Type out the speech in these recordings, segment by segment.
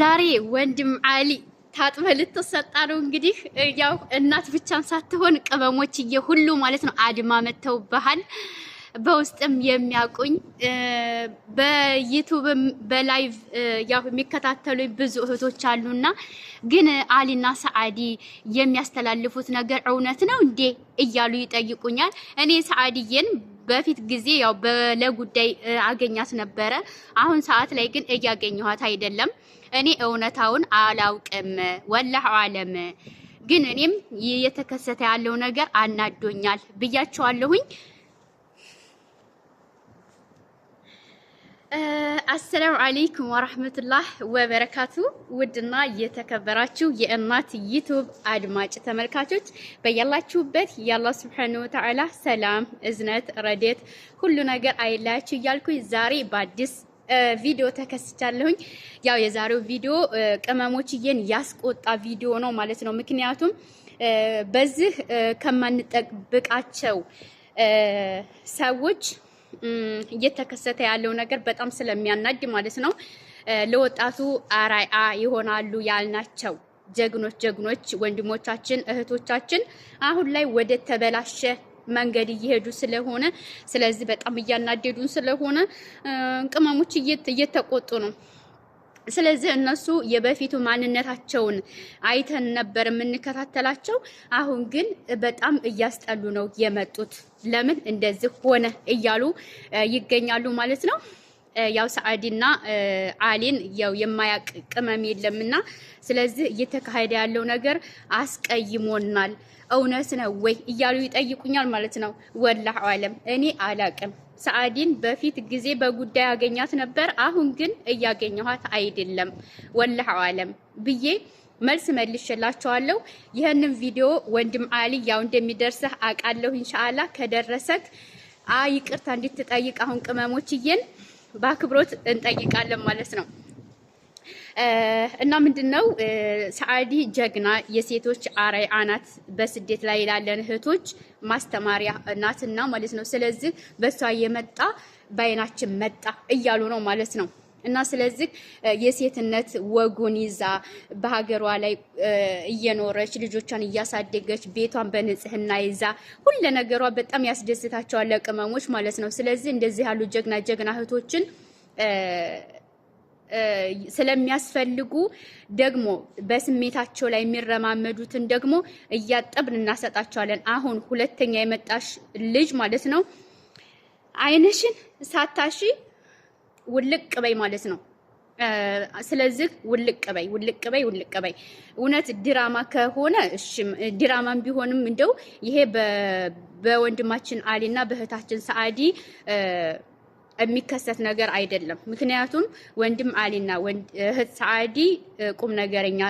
ዛሬ ወንድም አሊ ታጥበ ልትሰጣ ነው እንግዲህ። ያው እናት ብቻም ሳትሆን ቅመሞችዬ ሁሉ ማለት ነው አድማ መተውብሃል። በውስጥም የሚያውቁኝ በዩቱብም በላይቭ ያው የሚከታተሉኝ ብዙ እህቶች አሉና ግን አሊና ሰዓዲ የሚያስተላልፉት ነገር እውነት ነው እንዴ እያሉ ይጠይቁኛል። እኔ ሰዓዲዬን በፊት ጊዜ ያው ለጉዳይ አገኛት ነበረ። አሁን ሰዓት ላይ ግን እያገኘኋት አይደለም። እኔ እውነታውን አላውቅም ወላህ አለም። ግን እኔም የተከሰተ ያለው ነገር አናዶኛል ብያቸዋለሁኝ። አሰላሙ አለይኩም ወራህመቱላህ ወበረካቱ። ውድና የተከበራችሁ የእናት ዩቱብ አድማጭ ተመልካቾች በያላችሁበት የአላህ ሱብሓነሁ ወተዓላ ሰላም፣ እዝነት፣ ረዴት ሁሉ ነገር አይለያችሁ እያልኩኝ ዛሬ በአዲስ ቪዲዮ ተከስቻለሁኝ። ያው የዛሬው ቪዲዮ ቅመሞችዬን ያስቆጣ ቪዲዮ ነው ማለት ነው። ምክንያቱም በዚህ ከማንጠብቃቸው ሰዎች እየተከሰተ ያለው ነገር በጣም ስለሚያናድ ማለት ነው። ለወጣቱ አርአያ ይሆናሉ ያልናቸው ጀግኖች ጀግኖች ወንድሞቻችን እህቶቻችን አሁን ላይ ወደ ተበላሸ መንገድ እየሄዱ ስለሆነ ስለዚህ በጣም እያናደዱን ስለሆነ ቅመሞች እየተቆጡ ነው። ስለዚህ እነሱ የበፊቱ ማንነታቸውን አይተን ነበር የምንከታተላቸው። አሁን ግን በጣም እያስጠሉ ነው የመጡት። ለምን እንደዚህ ሆነ እያሉ ይገኛሉ ማለት ነው። ያው ሰአዲና አሊን ያው የማያቅ ቅመም የለምና፣ ስለዚህ እየተካሄደ ያለው ነገር አስቀይሞናል። እውነት ነው ወይ እያሉ ይጠይቁኛል ማለት ነው። ወላህ አለም እኔ አላቅም። ሰአዲን በፊት ጊዜ በጉዳይ አገኛት ነበር። አሁን ግን እያገኘኋት አይደለም። ወላህ አለም ብዬ መልስ መልሽላቸዋለሁ ይህንን ቪዲዮ ወንድም አሊ ያው እንደሚደርስህ አውቃለሁ። ኢንሻአላህ ከደረሰክ ይቅርታ እንድትጠይቅ አሁን ቅመሞችዬን በአክብሮት እንጠይቃለን ማለት ነው። እና ምንድን ነው ሰአዲ ጀግና የሴቶች አርአያ ናት። በስደት ላይ ላለን እህቶች ማስተማሪያ ናትና ማለት ነው። ስለዚህ በሷ የመጣ በአይናችን መጣ እያሉ ነው ማለት ነው። እና ስለዚህ የሴትነት ወጉን ይዛ በሀገሯ ላይ እየኖረች ልጆቿን እያሳደገች ቤቷን በንጽህና ይዛ ሁለ ነገሯ በጣም ያስደስታቸዋል ለቅመሞች ማለት ነው። ስለዚህ እንደዚህ ያሉ ጀግና ጀግና እህቶችን ስለሚያስፈልጉ ደግሞ በስሜታቸው ላይ የሚረማመዱትን ደግሞ እያጠብን እናሰጣቸዋለን። አሁን ሁለተኛ የመጣሽ ልጅ ማለት ነው አይንሽን ሳታሺ ውልቅ በይ ማለት ነው። ስለዚህ ውልቅ በይ ውልቅ በይ ውልቅ በይ። እውነት ድራማ ከሆነ እሺም ድራማም ቢሆንም እንደው ይሄ በወንድማችን አሊና በእህታችን ሰአዲ የሚከሰት ነገር አይደለም። ምክንያቱም ወንድም አሊና እህት ሰአዲ ቁም ነገረኛ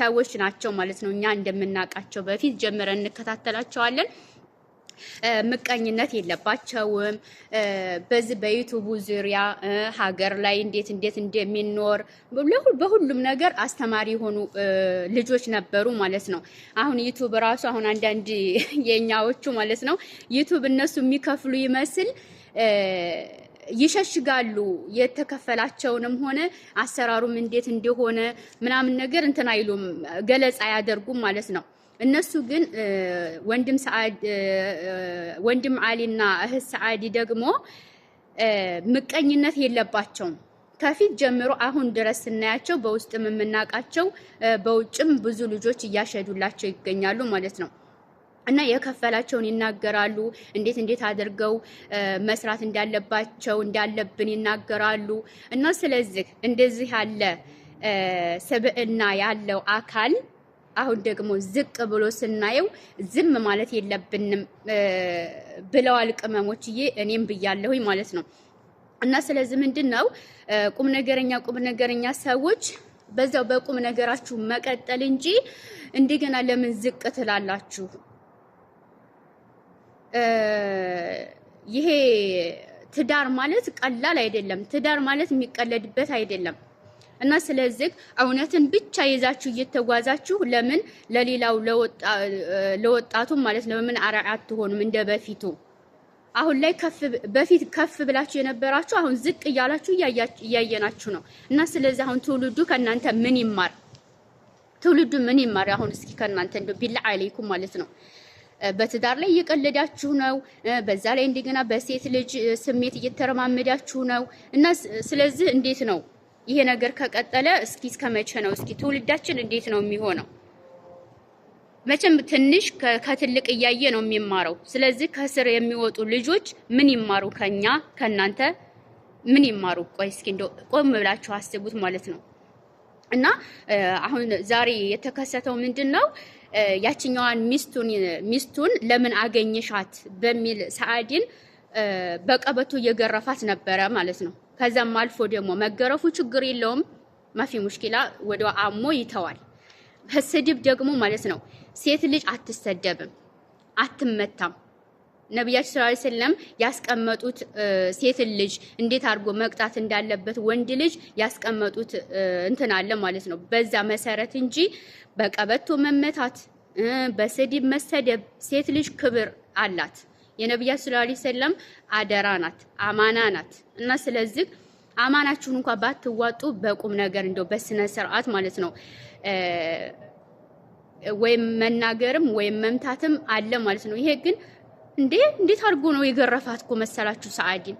ሰዎች ናቸው ማለት ነው። እኛ እንደምናውቃቸው በፊት ጀምረን እንከታተላቸዋለን። ምቀኝነት የለባቸውም። በዚህ በዩቱቡ ዙሪያ ሀገር ላይ እንዴት እንዴት እንደሚኖር በሁሉም ነገር አስተማሪ የሆኑ ልጆች ነበሩ ማለት ነው። አሁን ዩቱብ ራሱ አሁን አንዳንድ የኛዎቹ ማለት ነው ዩቱብ እነሱ የሚከፍሉ ይመስል ይሸሽጋሉ የተከፈላቸውንም ሆነ አሰራሩም እንዴት እንደሆነ ምናምን ነገር እንትን አይሉም፣ ገለጻ አያደርጉም ማለት ነው። እነሱ ግን ወንድም ሰዓድ ወንድም አሊና እህት ሰዓዲ ደግሞ ምቀኝነት የለባቸውም። ከፊት ጀምሮ አሁን ድረስ ስናያቸው በውስጥም የምናውቃቸው በውጭም ብዙ ልጆች እያሸዱላቸው ይገኛሉ ማለት ነው። እና የከፈላቸውን ይናገራሉ። እንዴት እንዴት አድርገው መስራት እንዳለባቸው እንዳለብን ይናገራሉ። እና ስለዚህ እንደዚህ ያለ ስብዕና ያለው አካል አሁን ደግሞ ዝቅ ብሎ ስናየው ዝም ማለት የለብንም ብለዋል ቅመሞችዬ፣ እኔም ብያለሁኝ ማለት ነው። እና ስለዚህ ምንድን ነው ቁም ነገረኛ ቁም ነገረኛ ሰዎች በዛው በቁም ነገራችሁ መቀጠል እንጂ እንደገና ለምን ዝቅ ትላላችሁ? ይሄ ትዳር ማለት ቀላል አይደለም። ትዳር ማለት የሚቀለድበት አይደለም። እና ስለዚህ እውነትን ብቻ ይዛችሁ እየተጓዛችሁ ለምን ለሌላው ለወጣቱ ማለት ለምን አርአያ አትሆኑም? እንደ በፊቱ አሁን ላይ ከፍ በፊት ከፍ ብላችሁ የነበራችሁ አሁን ዝቅ እያላችሁ እያየናችሁ ነው። እና ስለዚህ አሁን ትውልዱ ከእናንተ ምን ይማር? ትውልዱ ምን ይማር? አሁን እስኪ ከእናንተ እንደው ቢላ አለይኩም ማለት ነው በትዳር ላይ እየቀለዳችሁ ነው። በዛ ላይ እንደገና በሴት ልጅ ስሜት እየተረማመዳችሁ ነው። እና ስለዚህ እንዴት ነው ይሄ ነገር ከቀጠለ እስኪ እስከ መቼ ነው? እስኪ ትውልዳችን እንዴት ነው የሚሆነው? መቼም ትንሽ ከትልቅ እያየ ነው የሚማረው። ስለዚህ ከስር የሚወጡ ልጆች ምን ይማሩ? ከኛ ከእናንተ ምን ይማሩ? ቆይ እስኪ እንደው ቆም ብላችሁ አስቡት ማለት ነው። እና አሁን ዛሬ የተከሰተው ምንድን ነው? ያችኛዋን ሚስቱን ሚስቱን ለምን አገኘሻት በሚል ሰአዲን በቀበቶ እየገረፋት ነበረ ማለት ነው። ከዛም አልፎ ደግሞ መገረፉ ችግር የለውም ማፊ ሙሽኪላ ወደ አሞ ይተዋል። በስድብ ደግሞ ማለት ነው ሴት ልጅ አትሰደብም፣ አትመታም። ነቢያችን ስላ ስለም ያስቀመጡት ሴትን ልጅ እንዴት አድርጎ መቅጣት እንዳለበት ወንድ ልጅ ያስቀመጡት እንትን አለ ማለት ነው። በዛ መሰረት እንጂ በቀበቶ መመታት፣ በስድብ መሰደብ ሴት ልጅ ክብር አላት። የነብያ ሰለላሁ ዐለይሂ ወሰለም አደራ ናት፣ አማና ናት እና ስለዚህ አማናችሁን እንኳን ባትዋጡ በቁም ነገር እንደው በስነ ስርዓት ማለት ነው ወይም መናገርም ወይም መምታትም አለ ማለት ነው። ይሄ ግን እንዴ እንዴት አድርጎ ነው የገረፋት እኮ መሰላችሁ? ሰአዲን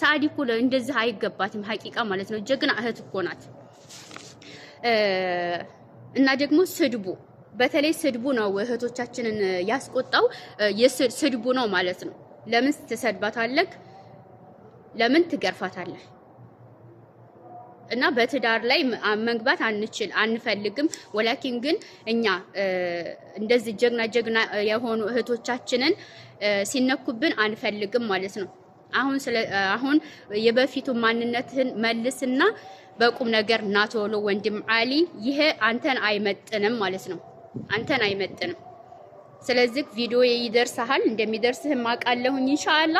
ሰአዲ እኮ እንደዚህ አይገባትም ሀቂቃ ማለት ነው። ጀግና እህት እኮ ናት። እና ደግሞ ስድቡ በተለይ ስድቡ ነው እህቶቻችንን ያስቆጣው። ስድቡ ነው ማለት ነው። ለምን ትሰድባታለህ? ለምን ትገርፋታለህ? እና በትዳር ላይ መግባት አንችል አንፈልግም። ወላኪን ግን እኛ እንደዚህ ጀግና ጀግና የሆኑ እህቶቻችንን ሲነኩብን አንፈልግም ማለት ነው። አሁን ስለ አሁን የበፊቱ ማንነትህን መልስና በቁም ነገር ናቶሎ ወንድም አሊ፣ ይሄ አንተን አይመጥንም ማለት ነው። አንተን አይመጥንም። ስለዚህ ቪዲዮ ይደርስሃል፣ እንደሚደርስህ ማቃለሁኝ ኢንሻአላ።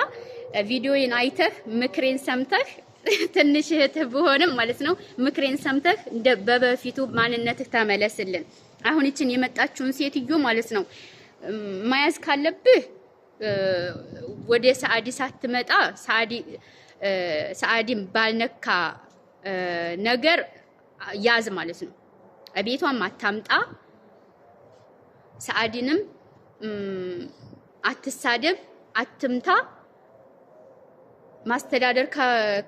ቪዲዮን አይተህ ምክሬን ሰምተህ ትንሽ እህትህ ብሆንም ማለት ነው ምክሬን ሰምተህ በበፊቱ ማንነትህ ተመለስልን። አሁን ይችን የመጣችውን ሴትዮ ማለት ነው መያዝ ካለብህ ወደ ሰአዲ ሳትመጣ ሰአዲን ባልነካ ነገር ያዝ ማለት ነው። ቤቷም አታምጣ ሰአዲንም አትሳደብ፣ አትምታ። ማስተዳደር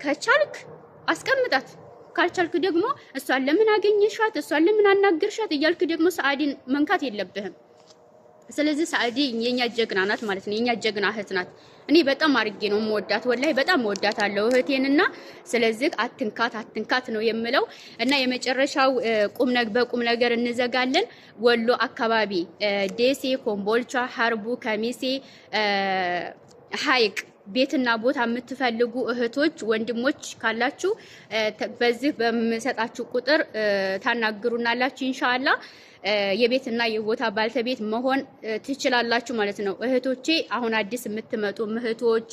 ከቻልክ አስቀምጣት፣ ካልቻልክ ደግሞ እሷን ለምን አገኘሻት፣ እሷን ለምን አናገርሻት እያልክ ደግሞ ሰአዲን መንካት የለብህም። ስለዚህ ሳዕዲ የኛ ጀግና ናት ማለት ነው። የኛ ጀግና እህት ናት። እኔ በጣም አድርጌ ነው የምወዳት፣ ወላሂ በጣም እወዳታለሁ እህቴንና ስለዚህ አትንካት አትንካት ነው የምለው እና የመጨረሻው ቁም ነገር በቁም ነገር እንዘጋለን። ወሎ አካባቢ ደሴ፣ ኮምቦልቻ፣ ሀርቡ፣ ከሚሴ ሀይቅ ቤትና ቦታ የምትፈልጉ እህቶች ወንድሞች ካላችሁ በዚህ በምሰጣችሁ ቁጥር ታናግሩናላችሁ። ኢንሻአላ የቤትና የቦታ ባለቤት መሆን ትችላላችሁ ማለት ነው። እህቶቼ አሁን አዲስ የምትመጡ እህቶች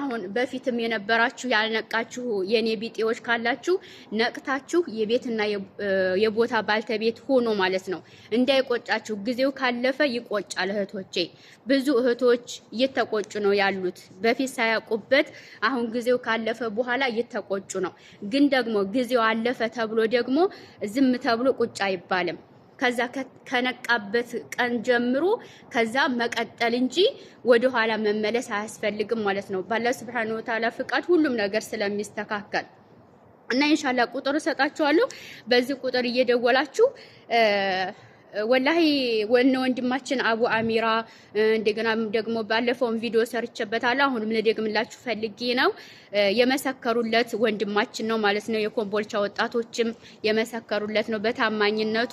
አሁን በፊትም የነበራችሁ ያልነቃችሁ የኔ ቢጤዎች ካላችሁ ነቅታችሁ የቤትና የቦታ ባልተቤት ሆኖ ማለት ነው እንዳይቆጫችሁ። ጊዜው ካለፈ ይቆጫል። እህቶቼ ብዙ እህቶች እየተቆጩ ነው ያሉት በፊት ሳያውቁበት። አሁን ጊዜው ካለፈ በኋላ እየተቆጩ ነው። ግን ደግሞ ጊዜው አለፈ ተብሎ ደግሞ ዝም ተብሎ ቁጭ አይባልም። ከዛ ከነቃበት ቀን ጀምሮ ከዛ መቀጠል እንጂ ወደኋላ መመለስ አያስፈልግም ማለት ነው። ባላ ስብሐነሁ ወተዓላ ፍቃድ ሁሉም ነገር ስለሚስተካከል እና ኢንሻላ ቁጥር እሰጣችኋለሁ። በዚህ ቁጥር እየደወላችሁ ወላሂ ወነ ወንድማችን አቡ አሚራ እንደገና ደግሞ ባለፈውን ቪዲዮ ሰርቼበታለሁ። አሁንም ልደግምላችሁ ፈልጌ ነው። የመሰከሩለት ወንድማችን ነው ማለት ነው። የኮምቦልቻ ወጣቶችም የመሰከሩለት ነው በታማኝነቱ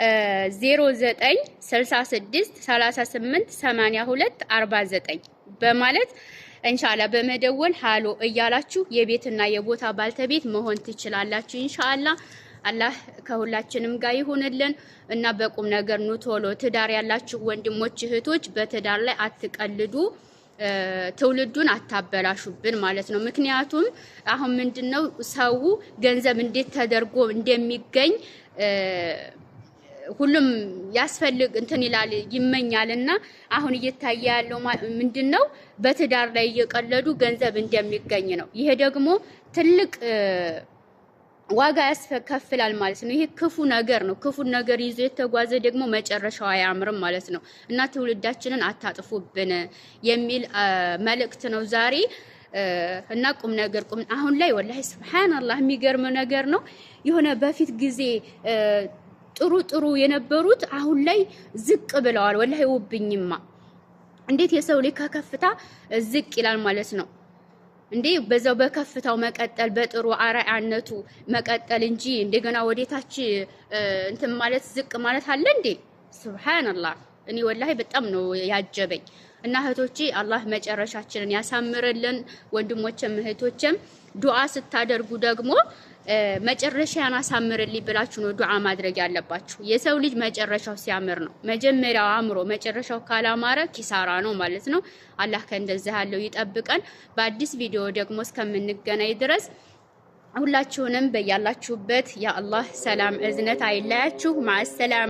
0966388249 በማለት እንሻላ በመደወል ሃሎ እያላችሁ የቤትና የቦታ ባልተቤት መሆን ትችላላችሁ። እንሻላ አላህ ከሁላችንም ጋር ይሁንልን እና በቁም ነገር ኑ ቶሎ። ትዳር ያላችሁ ወንድሞች እህቶች፣ በትዳር ላይ አትቀልዱ። ትውልዱን አታበላሹብን ማለት ነው። ምክንያቱም አሁን ምንድነው ሰው ገንዘብ እንዴት ተደርጎ እንደሚገኝ ሁሉም ያስፈልግ እንትን ይላል ይመኛልና፣ አሁን እየታየ ያለው ምንድን ነው? በትዳር ላይ እየቀለዱ ገንዘብ እንደሚገኝ ነው። ይሄ ደግሞ ትልቅ ዋጋ ያስከፍላል ማለት ነው። ይሄ ክፉ ነገር ነው። ክፉ ነገር ይዞ የተጓዘ ደግሞ መጨረሻው አያምርም ማለት ነው እና ትውልዳችንን አታጥፉብን የሚል መልእክት ነው ዛሬ እና ቁም ነገር ቁም አሁን ላይ ወላሂ ስብሓንላህ የሚገርም ነገር ነው የሆነ በፊት ጊዜ ጥሩ ጥሩ የነበሩት አሁን ላይ ዝቅ ብለዋል። ወላሂ ውብኝማ እንዴት የሰው ልጅ ከከፍታ ዝቅ ይላል ማለት ነው እንዴ? በዛው በከፍታው መቀጠል በጥሩ አርአያነቱ መቀጠል እንጂ እንደገና ወደታች እንትን ማለት ዝቅ ማለት አለ እንዴ? ሱብሃንአላህ። እኔ ወላሂ በጣም ነው ያጀበኝ። እና እህቶቼ አላህ መጨረሻችንን ያሳምርልን። ወንድሞቼም እህቶቼም ዱዓ ስታደርጉ ደግሞ መጨረሻ ያን አሳምርልኝ ብላችሁ ነው ዱዓ ማድረግ ያለባችሁ። የሰው ልጅ መጨረሻው ሲያምር ነው። መጀመሪያው አምሮ መጨረሻው ካላማረ ኪሳራ ነው ማለት ነው። አላህ ከእንደዚህ ያለው ይጠብቀን። በአዲስ ቪዲዮ ደግሞ እስከምንገናኝ ድረስ ሁላችሁንም በያላችሁበት የአላህ ሰላም እዝነት አይለያችሁ። ማሰላም